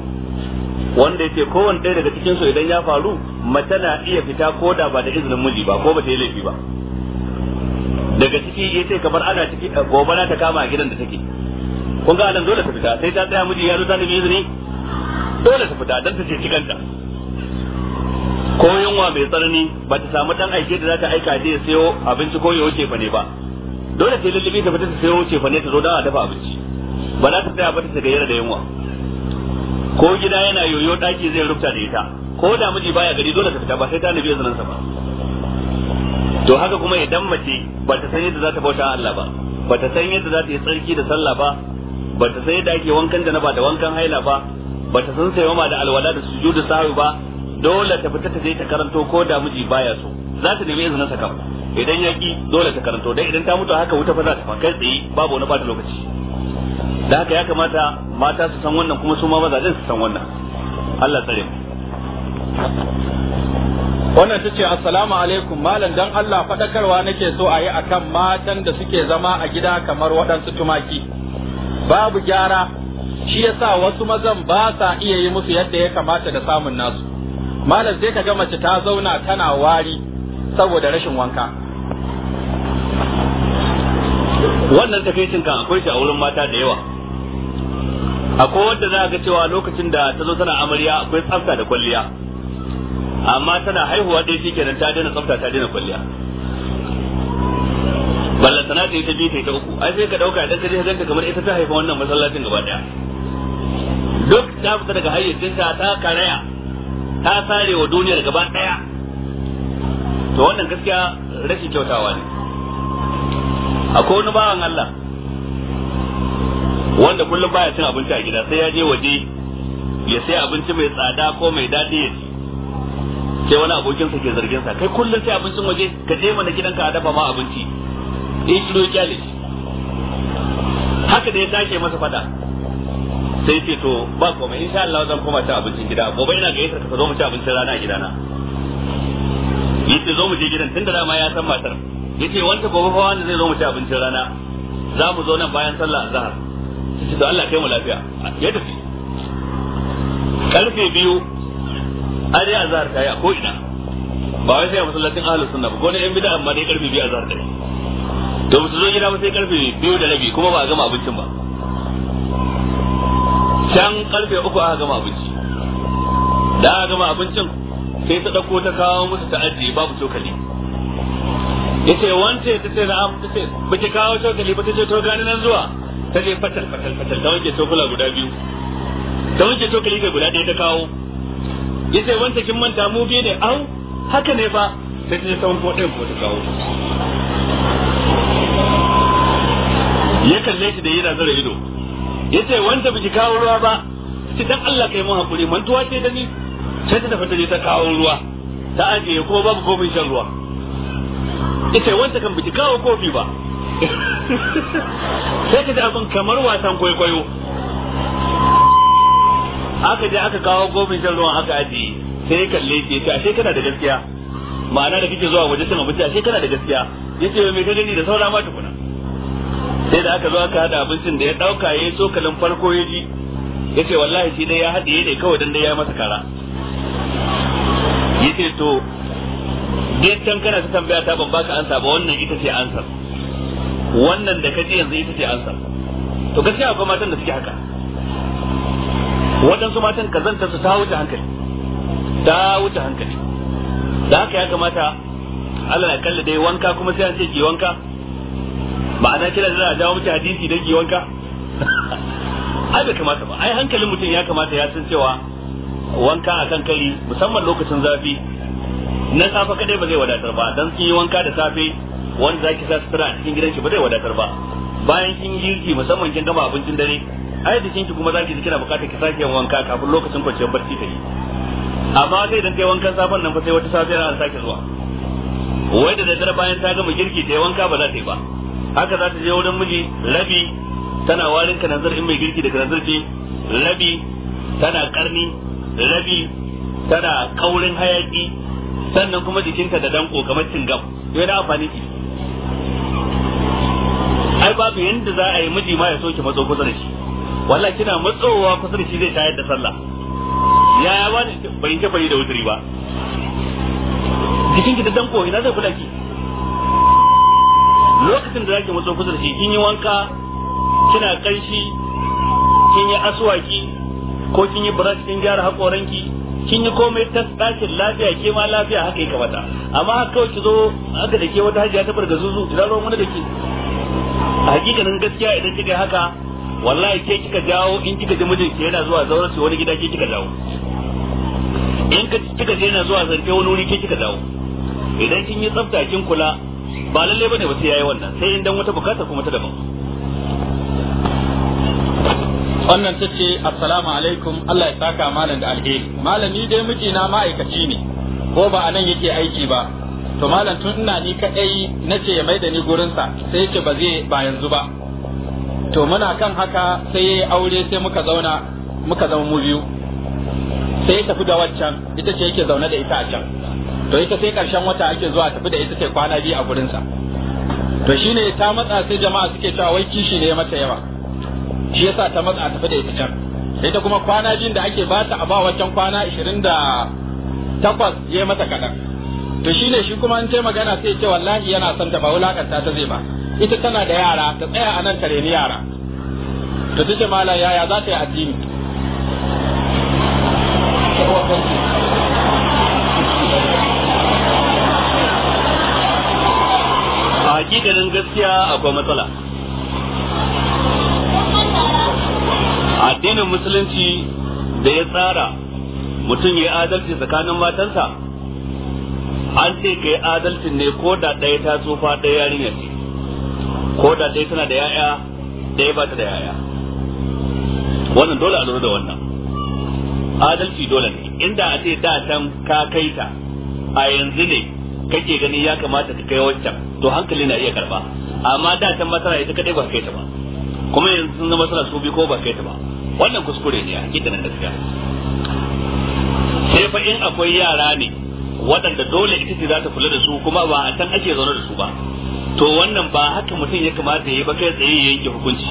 wanda yake kowane ɗaya daga cikin su idan ya faru mace na iya fita ko da ba da izinin miji ba ko ba ta yi laifi ba daga ciki ya ce kamar ana ciki na eh, ta kama a gidan da take kun ga nan dole ta fita sai ta tsaya miji ya zo ta nemi izini dole ta fita dan ta ce cikanta ko yunwa mai tsanani ba ta samu dan aike da za ta aika je ya sayo abinci ko ya wuce fa ne ba dole ta yi lullubi ta fita ta sayo wuce fa ne ta zo da a dafa abinci ba za ta tsaya ba ta tagayyara da yunwa ko gida yana yoyo daki zai rufta da ita ko da miji baya gari dole ta fita ba sai ta nabi izinin sa ba to haka kuma idan mace ba ta san yadda za ta bauta Allah ba ba ta san yadda za ta yi tsarki da sallah ba ba ta san yadda ake wankan janaba da wankan haila ba ba ta san sai ma da alwala da sujudu sahu ba dole ta fita ta je ta karanto ko da miji baya so za ta nemi izinin sa kam idan ya ki dole ta karanto dan idan ta mutu haka wuta fa za ta fa kai tsaye babu wani bata lokaci da haka ya kamata mata su san wannan kuma su ma mazajen su san wannan Allah tsare mu wannan ta ce assalamu alaikum malam dan Allah faɗakarwa nake so a yi akan matan da suke zama a gida kamar waɗansu tumaki babu gyara shi yasa wasu mazan ba sa iya yi musu yadda ya kamata da samun nasu malam sai kaga mace ta zauna tana wari saboda rashin wanka wannan takaicin kan akwai shi a wurin mata da yawa akwai wanda za ga cewa lokacin da ta zo tana amarya akwai tsafta da kwalliya amma tana haihuwa ɗaya shi kenan ta daina tsafta ta daina kwalliya balla sana ta yi ta biyu ta yi ta uku ai sai ka ɗauka idan ka je ka kamar ita ta haifa wannan masallacin gaba ɗaya duk ta fita daga hayyacinta ta karaya ta sare wa duniyar gaba ɗaya to wannan gaskiya rashin kyautawa ne akwai wani bawan Allah wanda kullum baya cin abinci a gida sai ya je waje ya sai abinci mai tsada ko mai daɗi ya ci sai wani abokinsa ke zargin sa kai kullum sai abincin waje ka je mana gidanka a dafa ma abinci in kilo kyale haka da ya tashi masa fada sai ce to ba komai insha Allah zan koma cin abincin gida gobe ina gayyatar ka zo mu ci abincin rana a gidana yace zo mu je gidan tunda dama ya san matar yace wanda gobe fa wanda zai zo mu ci abincin rana za mu zo nan bayan sallah azhar ce da Allah kai mu lafiya ya tafi karfe biyu a dai azhar ta yi a ko'ina ba wai sai a masallacin ahalus sunna ba ko ne yan bida amma dai karfe biyu azhar ta yi to musu zo gida ba sai karfe biyu da rabi kuma ba a gama abincin ba can karfe uku aka gama abinci da aka gama abincin sai ta ɗauko ta kawo musu ta'addi babu cokali ita ce wance ta ce na'am ta ce ba ki kawo cokali ba ta ce to gani nan zuwa ta je fatal fatal fatal ta wanke cokula guda biyu ta wanke cokali kai guda ɗaya ta kawo yace wanda kin manta mu biye ne au haka ne fa sai ta je ta wanko ɗaya kuma ta kawo ya kalle shi da yana zara ido yace wanda biki kawo ruwa ba ki dan Allah kai mu hakuri mantuwa ce da ni sai ta tafi ta je ta kawo ruwa ta ajiye ko babu kofin shan ruwa ita wanda kan biki kawo kofi ba sai ka ji abin kamar wasan kwaikwayo aka je aka kawo gomin shan ruwan aka ajiye sai ya kalle shi ta ashe kana da gaskiya ma'ana da kike zuwa waje cin abinci ashe kana da gaskiya ya me mai gani da saura ma tukuna sai da aka zo aka hada abincin da ya dauka yi tsokalin farko ya ji Ya ce wallahi shi dai ya haɗiye ne kawai dan dai ya masa kara Ya ce to dai can kana ta tambaya ta ban baka ansa ba wannan ita ce ansar wannan da kaji yanzu ita ce ansa to gaskiya akwai matan da suke haka waɗansu matan kazanta su ta wuce hankali ta wuce hankali da haka ya kamata Allah ya kalla dai wanka kuma sai an ce ki wanka ma'ana kira da za a jawo miki hadisi dan ki wanka ai bai kamata ba ai hankalin mutum ya kamata ya san cewa wanka akan kari musamman lokacin zafi na safe kadai ba zai wadatar ba dan sun yi wanka da safe za ki sa sutura a cikin gidan gidanki ba zai wadatar ba bayan kin girki musamman kin gama abincin dare ai jikin ki kuma zaki ji kina bukatar ki sake wanka kafin lokacin kwanciyar barci ta yi amma sai dan kai wankan safan nan fa sai wata safiyar an sake zuwa wai da daddare bayan ta gama girki ta wanka ba za ta yi ba haka za ta je wurin miji rabi tana warin kananzir in mai girki da kananzir ce rabi tana karni rabi tana kaurin hayaki sannan kuma jikinta da danko kamar cingam yana amfani ki ai babu yanda za a yi miji ma ya soke matso kusa da shi wallahi kina matsowa kusa da shi zai tayar da sallah ya ba bai ta bai da wuturi ba jikin ki da danko ina zai kula ki lokacin da zaki matso kusa da shi kin yi wanka kina kanshi kin yi aswaki ko kin yi brush kin gyara hakoranki kin yi komai ta dakin lafiya ke ma lafiya haka ya kamata amma haka kawai ki zo haka da ke wata hajiya ta barga zuzu ina ruwan wani da ke a hakikanin gaskiya idan kika yi haka wallahi ke kika jawo in kika ji mijinki yana zuwa ce wani gida ke kika jawo in kika ji yana zuwa zance wani wuri ke kika jawo idan kin yi tsafta kin kula ba lalle bane ba sai yayi wannan sai in dan wata bukata kuma ta daban wannan ta ce assalamu alaikum Allah ya saka malam da alheri malami dai mijina ma'aikaci ne ko ba anan yake aiki ba to malam tun ina ni kadai nace ya maida ni gurinsa sai yace ba zai ba yanzu ba to muna kan haka sai yayi aure sai muka zauna muka zama mu biyu sai ya tafi da waccan ita ce yake zaune da ita a can to ita sai karshen wata ake zuwa tafi da ita ce kwana biyu a gurinsa to shine ta matsa sai jama'a suke cewa wai kishi ne ya mata yawa shi yasa ta matsa tafi da ita can ita kuma kwana biyun da ake ba ta a ba waccan kwana 28 ya mata kadan to shi ne shi kuma an ce magana sai ce wallahi yana son ta ba wulakanta ta zai ba ita tana da yara ta tsaya a nan kare ni yara to ta ce mala yaya za ta yi addini a hakikanin gaskiya akwai matsala addinin musulunci da ya tsara mutum ya adalci tsakanin matansa an ce ka yi adalcin ne ko da ɗaya ta tsufa ɗaya yarinya ce ko da ɗaya tana da yaya ɗaya ba ta da yaya wannan dole a lura da wannan adalci dole ne inda a ce da can ka kai ta a yanzu ne kake gani ya kamata ka kai waccan to hankali na iya karba amma da can masara ita kadai ba kai ta ba kuma yanzu sun zama suna su bi ko ba kai ta ba wannan kuskure ne a hakikanin gaskiya sai fa in akwai yara ne waɗanda dole ita ce za ta kula da su kuma ba a can ake zaune da su ba to wannan ba haka mutum ya kamata ya yi ba kai tsaye ya yanke hukunci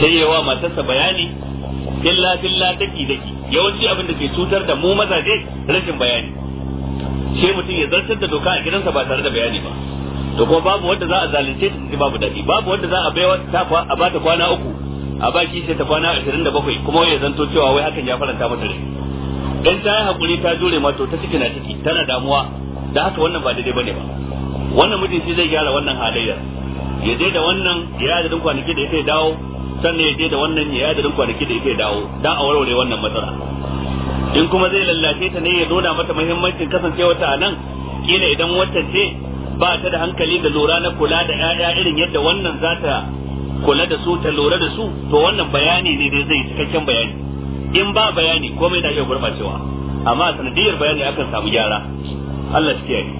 sai yawa matarsa bayani illa billa daki daki yawanci abin da ke cutar da mu mazaje rashin bayani sai mutum ya zartar da doka a gidansa ba tare da bayani ba to kuma babu wanda za a zalunce ta ji babu dadi babu wanda za a baiwa ta a bata kwana uku a baki sai ta kwana 27 kuma ya zanto cewa wai hakan ya faranta mata rai dan ta hakuri ta jure ma to ta ciki na ciki tana damuwa da haka wannan ba daidai bane ba wannan mutum shi zai gyara wannan halayyar ya je da wannan ya adadin kwanaki da ya dawo sannan ya je da wannan ya adadin kwanaki da ya dawo dan a warware wannan matsala in kuma zai lallace ta ne ya nuna mata muhimmancin kasancewar ta a nan kila idan wata ce ba ta da hankali da lura na kula da 'ya'ya irin yadda wannan za ta kula da su ta lura da su to wannan bayani ne dai zai cikakken bayani in ba bayani komai na iya gurbacewa amma sanadiyar bayani akan samu gyara Allah shi kiyaye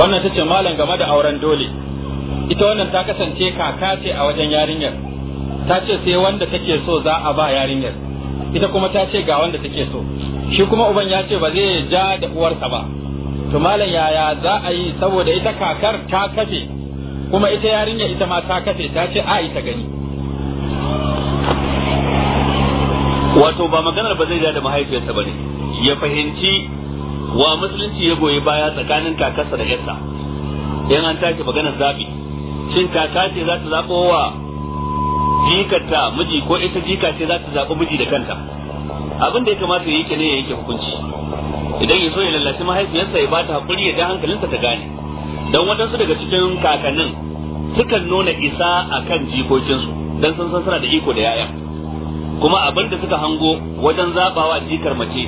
wannan tace malam game da auren dole ita wannan ta kasance kaka ce a wajen yarinyar ta ce sai wanda take so za a ba yarinyar ita kuma ta ce ga wanda take so shi kuma uban ya ce ba zai ja da uwarsa ba to malam yaya za a yi saboda ita kakar ta kafe kuma ita yarinyar ita ma ta kafe ta ce a ita gani wato ba maganar ba zai da mahaifiyarsa ne ya fahimci wa musulunci ya goyi baya tsakanin kakarsa da yarsa in an tashi maganar zaɓi shin kaka ce za ta zaɓo wa jikarta miji ko ita jika ce za ta zaɓi miji da kanta abin da ya kamata ya ke ne ya yake hukunci idan ya so ya lallashi mahaifiyarsa ya bata hakuri ya ja hankalinsa ta gane don waɗansu daga cikin kakannin sukan nuna isa akan jikokinsu don sun san suna da iko da yaya kuma abin da suka hango wajen zabawa jikar mace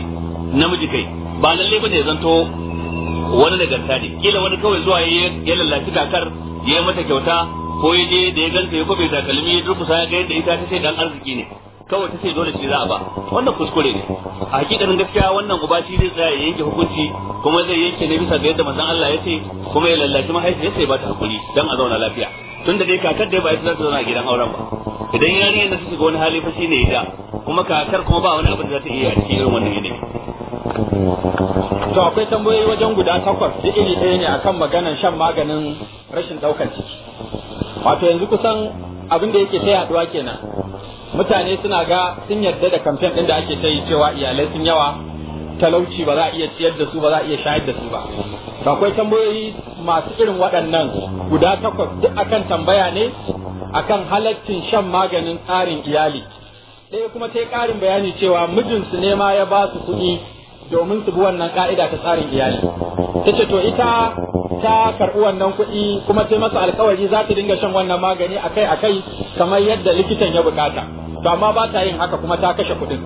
namiji kai ba lalle bane zanto wani daga ne kila wani kawai zuwa ya lallaci kakar ya mata kyauta ko ya da ya ganta ya kwabe takalmi ya durkusa ya ga yadda ita ta ce dan arziki ne kawai ta ce dole shi za a ba wannan kuskure ne a hakikanin gaskiya wannan uba shi zai tsaya ya yanke hukunci kuma zai yanke ne bisa ga yadda manzon Allah ya ce kuma ya lallaci mahaifiyarsa ya ba ta hakuri dan a zauna lafiya tunda dai kakar da ba ita za ta zauna a gidan auren ba idan yarinyar da suka ga wani hali fa shine ita kuma kakar kuma ba wani abu da za ta iya a cikin irin wannan yanayi to akwai tambayoyi wajen guda takwas da iri ɗaya ne akan maganan shan maganin rashin ɗaukar ciki wato yanzu kusan abin da yake ta yaduwa kenan mutane suna ga sun yarda da kamfen ɗin da ake ta cewa iyalai sun yawa talauci ba za a iya ciyar da su ba za a iya shayar da su ba akwai tambayoyi masu irin waɗannan guda takwas duk akan tambaya ne akan halaccin shan maganin tsarin iyali ɗaya kuma ta ƙarin bayani cewa mijinsu ne ma ya ba su kuɗi domin su bi wannan ka'ida ta tsarin iyali ta ce to ita ta karɓi wannan kuɗi kuma sai masa alkawari za ta dinga shan wannan magani akai akai kamar yadda likitan ya bukata to amma ba ta yin haka kuma ta kashe kuɗin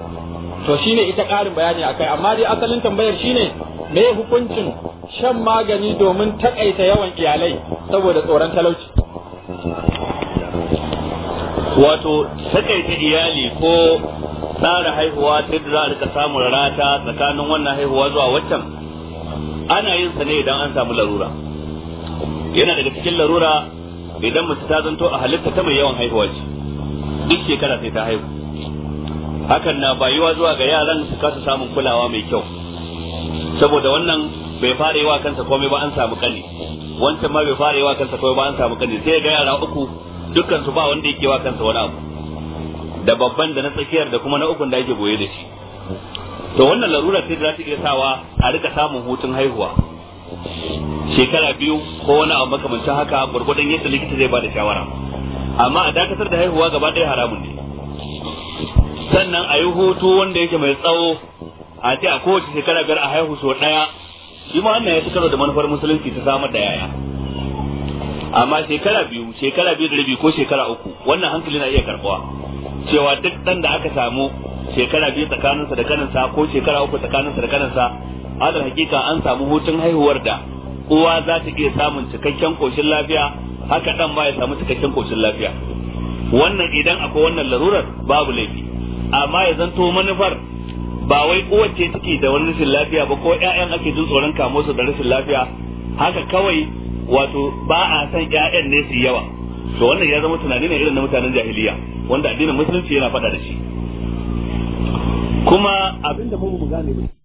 to shine ita ƙarin bayani akai amma dai asalin tambayar shine me hukuncin shan magani domin takaita yawan iyalai saboda tsoron talauci wato takaita iyali ko tsara haihuwa ta yadda za a rika rata tsakanin wannan haihuwa zuwa waccan ana yin sa ne idan an samu larura yana daga cikin larura idan mace ta zanto a halitta ta mai yawan haihuwa ce duk shekara sai ta haihu hakan na bayuwa zuwa ga yaran su kasa samun kulawa mai kyau saboda wannan bai fara yawa kansa komai ba an samu kani wancan ma bai fara yawa kansa komai ba an samu kani sai ga yara uku dukkan su ba wanda yake wa kansa wani abu da babban da na tsakiyar da kuma na ukun da yake boye da shi to wannan larura sai za ta iya sawa a rika samun hutun haihuwa shekara biyu ko wani abu makamancin haka gurgurdan yadda likita zai ba da shawara amma a dakatar da haihuwa gaba ɗaya haramun ne sannan a yi hutu wanda yake mai tsawo a ce a kowace shekara biyar a haihu so ɗaya shi ma wannan ya fi karo da manufar musulunci ta samar da yaya amma shekara biyu shekara biyu da rabi ko shekara uku wannan hankali na iya karbuwa cewa duk ɗan da aka samu shekara biyu tsakaninsa da kaninsa ko shekara uku tsakaninsa da kaninsa alal hakika an samu hutun haihuwar da uwa za ta iya samun cikakken koshin lafiya haka ɗan ba ya samu cikakken koshin lafiya wannan idan akwai wannan larurar babu laifi amma ya zanto manufar ba wai kowace take da wani rashin lafiya ba ko ƴaƴan ake jin tsoron kamo su da rashin lafiya haka kawai wato ba a san ƴaƴan ne su yawa to wannan ya zama tunani ne irin na mutanen jahiliya wanda addinin musulunci yana faɗa da shi kuma abinda mu mu gane ba